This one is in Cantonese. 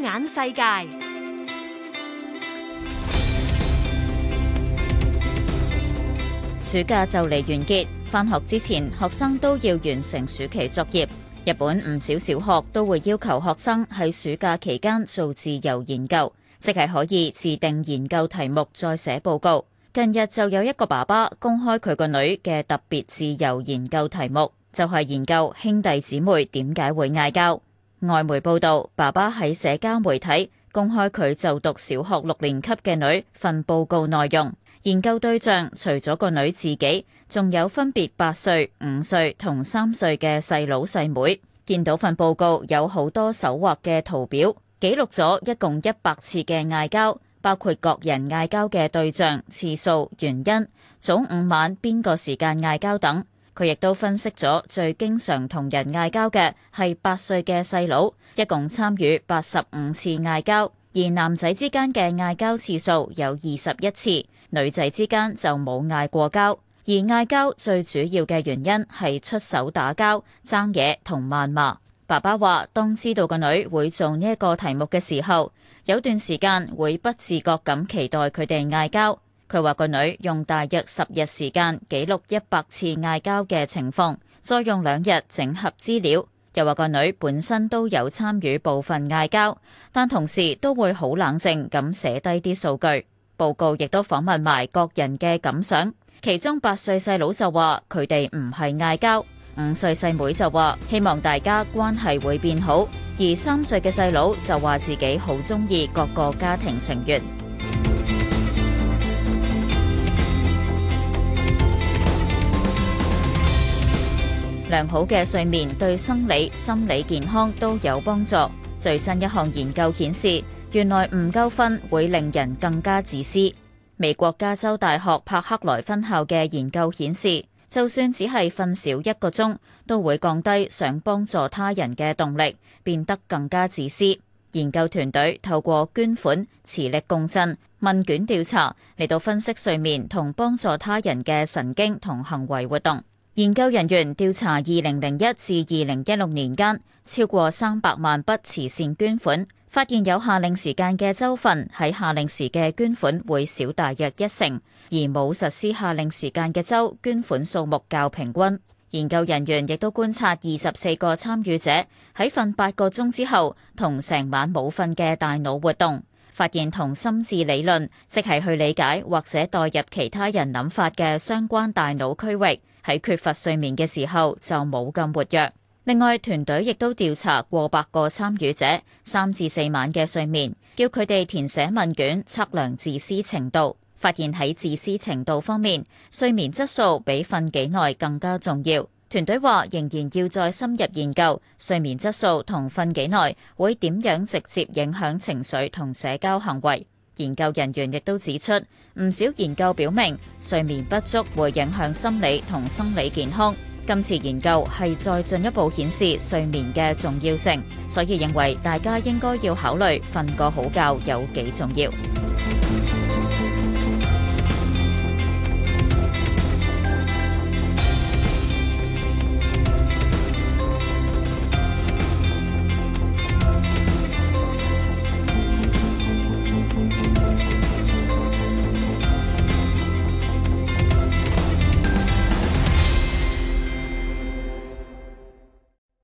眼世界，暑假就嚟完結。返學之前，學生都要完成暑期作業。日本唔少小學都會要求學生喺暑假期間做自由研究，即係可以自定研究題目，再寫報告。近日就有一個爸爸公開佢個女嘅特別自由研究題目，就係研究兄弟姊妹點解會嗌交。外媒報道，爸爸喺社交媒體公開佢就讀小學六年級嘅女份報告內容。研究對象除咗個女自己，仲有分別八歲、五歲同三歲嘅細佬細妹。見到份報告有好多手畫嘅圖表，記錄咗一共一百次嘅嗌交，包括各人嗌交嘅對象、次數、原因、早午晚邊個時間嗌交等。佢亦都分析咗最經常同人嗌交嘅係八歲嘅細佬，一共參與八十五次嗌交，而男仔之間嘅嗌交次數有二十一次，女仔之間就冇嗌過交。而嗌交最主要嘅原因係出手打交、爭嘢同謾罵。爸爸話：當知道個女會做呢一個題目嘅時候，有段時間會不自覺咁期待佢哋嗌交。佢話個女用大約十日時間記錄一百次嗌交嘅情況，再用兩日整合資料。又話個女本身都有參與部分嗌交，但同時都會好冷靜咁寫低啲數據。報告亦都訪問埋各人嘅感想，其中八歲細佬就話佢哋唔係嗌交，五歲細妹就話希望大家關係會變好，而三歲嘅細佬就話自己好中意各個家庭成員。良好嘅睡眠對生理、心理健康都有幫助。最新一項研究顯示，原來唔夠瞓會令人更加自私。美國加州大學柏克萊分校嘅研究顯示，就算只係瞓少一個鐘，都會降低想幫助他人嘅動力，變得更加自私。研究團隊透過捐款、磁力共振、問卷調查嚟到分析睡眠同幫助他人嘅神經同行為活動。研究人員調查二零零一至二零一六年間超過三百萬筆慈善捐款，發現有夏令時間嘅州份喺夏令時嘅捐款會少，大約一成；而冇實施夏令時間嘅州捐款數目較平均。研究人員亦都觀察二十四個參與者喺瞓八個鐘之後同成晚冇瞓嘅大腦活動，發現同心智理論，即係去理解或者代入其他人諗法嘅相關大腦區域，喺缺乏睡眠嘅時候就冇咁活躍。另外，團隊亦都調查過百個參與者，三至四晚嘅睡眠，叫佢哋填寫問卷，測量自私程度，發現喺自私程度方面，睡眠質素比瞓幾耐更加重要。團隊話仍然要再深入研究睡眠質素同瞓幾耐會點樣直接影響情緒同社交行為。研究人員亦都指出，唔少研究表明睡眠不足會影響心理同生理健康。今次研究係再進一步顯示睡眠嘅重要性，所以認為大家應該要考慮瞓個好覺有幾重要。